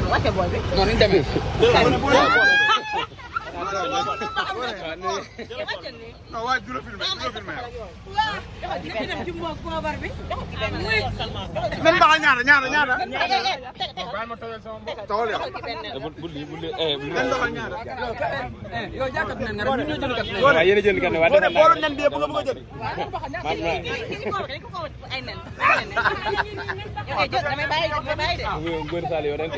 wàcce wàcce booy bi. non ni demee. waaw waaw waaw nan ba ñaara ñaara ñaara baal ma tooyal sama mbokk tooyal yow bu li bu li eh bu li nan doxal ñaara yow jàkkat na nga ñu jënd kat na yéen a jënd kat wa dama boolu nan bi bu nga bëgg a jënd ko ko ay nen yow jënd damay bàyyi damay bàyyi de ngor sal yow dañ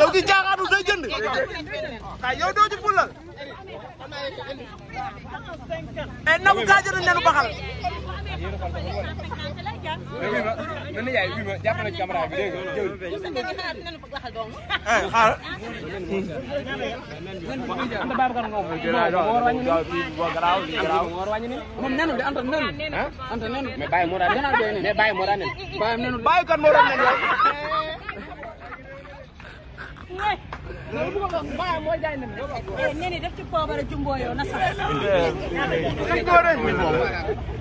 yow ki jaaxaanu day jënd yow doo ci fulal mais eh, Nabou Gaajo dañu leen baxal. mais ni yaay nenu de anta nenu. anta nenu. mais Baye moo daan nen mais Baye moo daan nen. Baye kan moo daan ne ni def ci poobara jumbo yow na sax. sëñ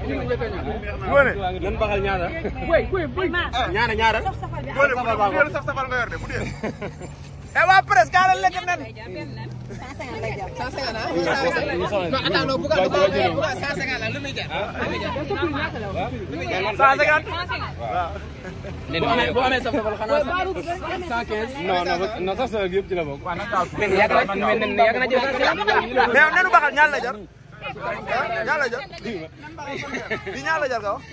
Ngoné. Ngoné. nan baxal ñaara. ñaara ñaara. saf safal nga yor de bu dee. mais waa presse gaa leen lekk nen. 150 lay jar 150 ah. non attends non bu ko bu ko 150 la lu muy jar. lu muy jar 150. waaw. nee na boo amee sa bopp xanaa 115. non non non sax sa yëpp ci la bokk. waaw nag yàgg na yàgg na jël. mais nenu baxal ñaan la jar. ñaar la jar di ñaar la jar nga wax.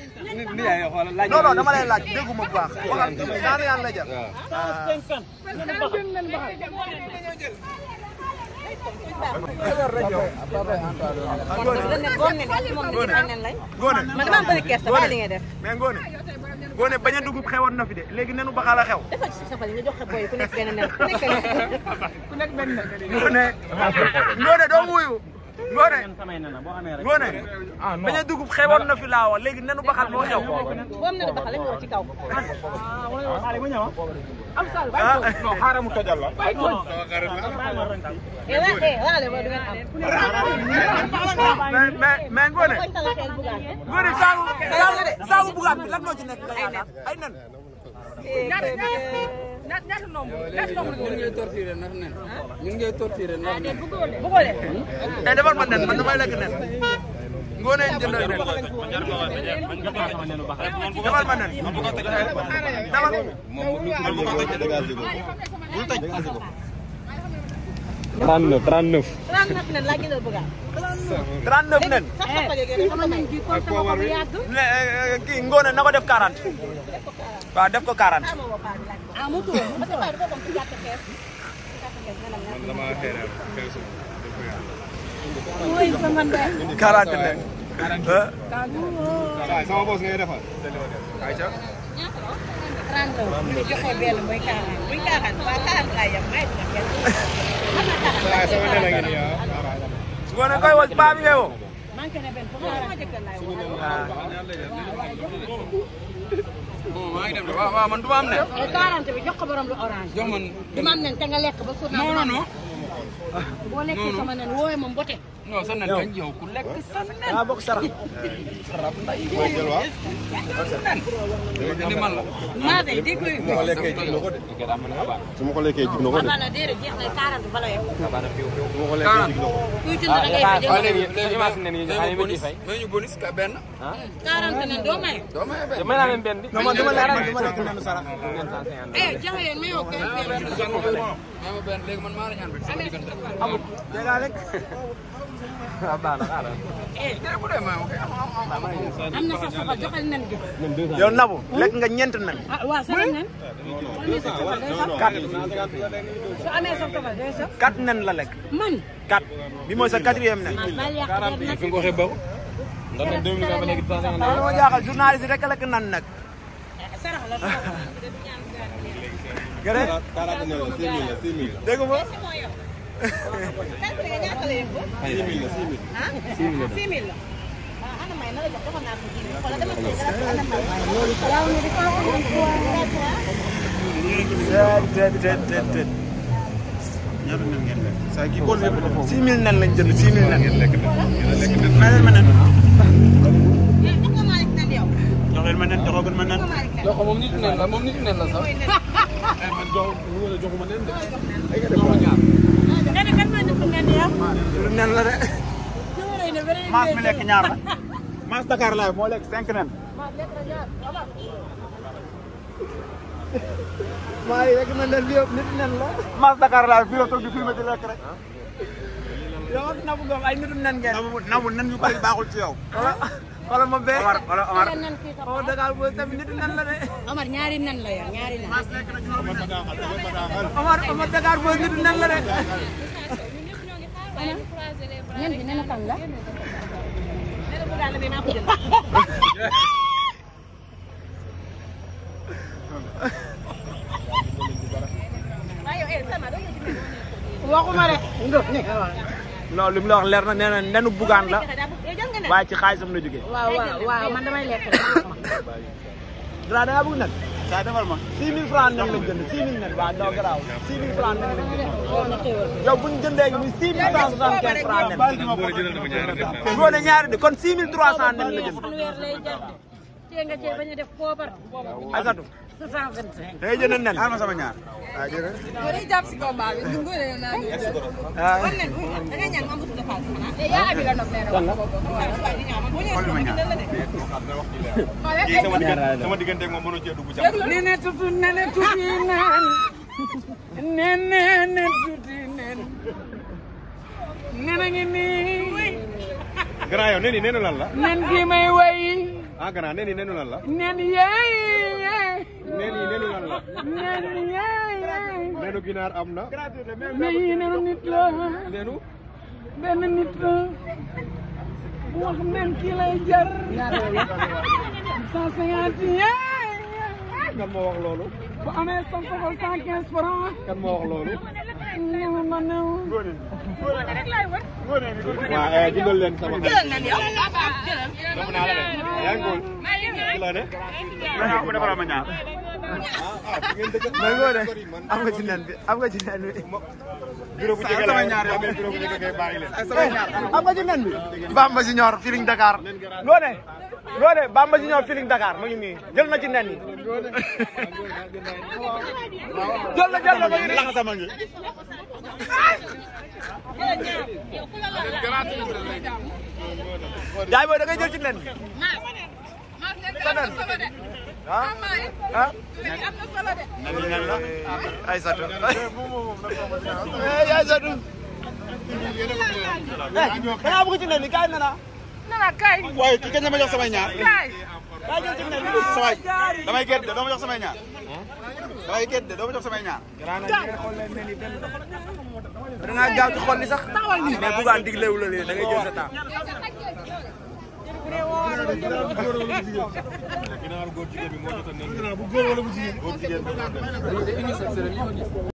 non non dama lay laaj déggu ma bu baax. ñaata ñaar la jar. Ngone. Ngone. Ngone bañ a dugub xewoon na fi de léegi nenu baxaal a xew. dafa ci sa nga jox boy ku nekk benn nen ku nekk Ngone Ngone doo ngoone ngoone bañ a dugub xewoon na fi laawa léegi nenu baxal moo xew. moom nenu baxal xaaral mu tojal la. bàyyi tool mais mais ngoone. ngoone bi lan moo ci nekk ay nen. ñaata nombre ñaata nombre ñun ngay torturer ndax nen ah, ñun ngay torturer ndax nen ah, bëggoo leen eh defal ma nen man damay lekk nen ngoonee jëndal nen defal ma nen eh, defal bul toj 39 39. 39 nen laa gënal bëgg a. 39 nen. kii eh, eh, Ngone na ko def 40. waaw def ko 40. ah mu tuur mu tuur parce que boppam ci gàtt kees gàtt kees nga dem man damaa xëy na keesu dëgg yàlla. mooy sama ndey. 40 nekk. 40 40 sama boss ngay defal. ayca. ñaata la. 30 la ñu joxe benn muy 40 muy 40 waa 40 laa yem may dina kenn. am na 40 waaw sama ndey la ngeen di yaa. su ko ne koy woo baa bi ngay woo. manqué na benn pour ma jëkkër laay woo. waaw waaw waaw. bon oh, maa ngi dem de waaw waaw man du ma am ne. ay 40 bi jox ko borom lu orange. jox man du ma am nen te nga lekk ba. suur naa non non non. boo lekkee sama nen woowee ma mbote. non sa nen yow ku lekk sa nen. daa bokk sarax. sarax nday mooy jël waaw. man la. maa de dégg nga. su ma ko lekkee jig na ko de. su ma ko lekkee jig na ko de. abala déedéet jeex na 40 bala yem. abala fiw fiw su ma ko lekkee jig na ko. kuy jënd da ngay fay dégg nga. léegi léegi léegi bonus léegi bonus ka benn. ah 40 nen doo maye. doo maye benn. dama leen benn. non man dama lekk dama lekk nenu sarax. eh jaxe yéen ma yow kay. léegi man maa la ñaan rek. amul. am na sax soxal joxal nen bi. yow Nabou lekk nga ñeent nen. ah waaw sa nen. su amee sa soxal day saf. quatre nen la lekk. man quatre bi mooy sa quatrième nen. li ma jaaxal journaliste rek lekk nan nag. gërëm. dégg nga. six mille la ana may na la jox defoon naa ko ji xoolal dama koy dara ana may waaw ñu di ko ñaata nen ngeen lekk saa kii bool yëpp la foofu six mille nen lañ jënd six mille nen ngeen lekk ma leen ma nen jox leen ma nen joxoon ma nen jox moom nit nen la moom nit nen la sax man jox mu wala joxuma nen de ay nga def ñaar lu nen la de. maas mi lekk ñaar la. maas Dakar laay moo lekk cinq nen. maa ngi lekk na nen yëpp nen la. maas Dakar laay fii toog di filmé di lekk rek. yow ak Nabou Ngom ay nitu nen ngeen. Nabou nen ci yow. Ah. xoolal ma bee Omar xoolal Omar xoolal Dakar booy tamit nit nen la de. Omar ñaari nen la yor ñaari nen. Omar Omar Dakar booy nit nen la de. nen bi nen kan la. waxuma rek. non li mu la wax leer na nee na nenu bugaan la. waaye ci xaalisam la jógee. waaw waaw waaw man damay lekk da ngaa bëgg nag. saa defal ma 6000 francs nag lañ jënd 6000 nag waaw doo garaaw 6000 francs nag lañ jënd. Oh, yow bu ñu jëndee ñu 6175 francs nag. boo ne ñaari de kon 6300 nag la jënd. tey nga cee bañ a def poobar. Asadou. 625. day jënd nen. xaaral ma sama ñaar. ah jërëjëf. yow dañuy jàpp si combat bi ñun góor nañu naan. ah man nag da ngay ñaan amatu dafa am xanaa. neen yi neenu lan la. neenu yaay yaay. neenu ginaar am na. mais yi neenu nit la. neenu. benn nit la. wax men kii lay jar. cent cinquante yaay. kan moo wax loolu. bu amee sa soxal cent quinze francs. kan moo wax loolu. ñu mën a. waaw eh, jëndal leen sama xarit. nangoo de am nga ci nen bi am nga ci nen bi. am nga ci nen bi. Bamba Junior Feeling Dakar. loo ne loo ne Bamba Junior Feeling Dakar mu ngi nii jël na ci nen yi. jël na jël na mu ngi nii. yaay booy da ngay jël ci nen bi. ah ah. Aysatu. Aysatu. danaa bëgg ci nen bi kaay nana. nana kaay. waaye kii kañ la ma jox samay ñaar. kaay. kaay jël ci nen bi. samay damay gerte doo ma jox samay ñaar. damay gerte doo ma jox samay ñaar. danaa gaaw ci xol li sax. mais bu gaan diglewul la da ngay jël sa temps. bu góor wala bu jigéen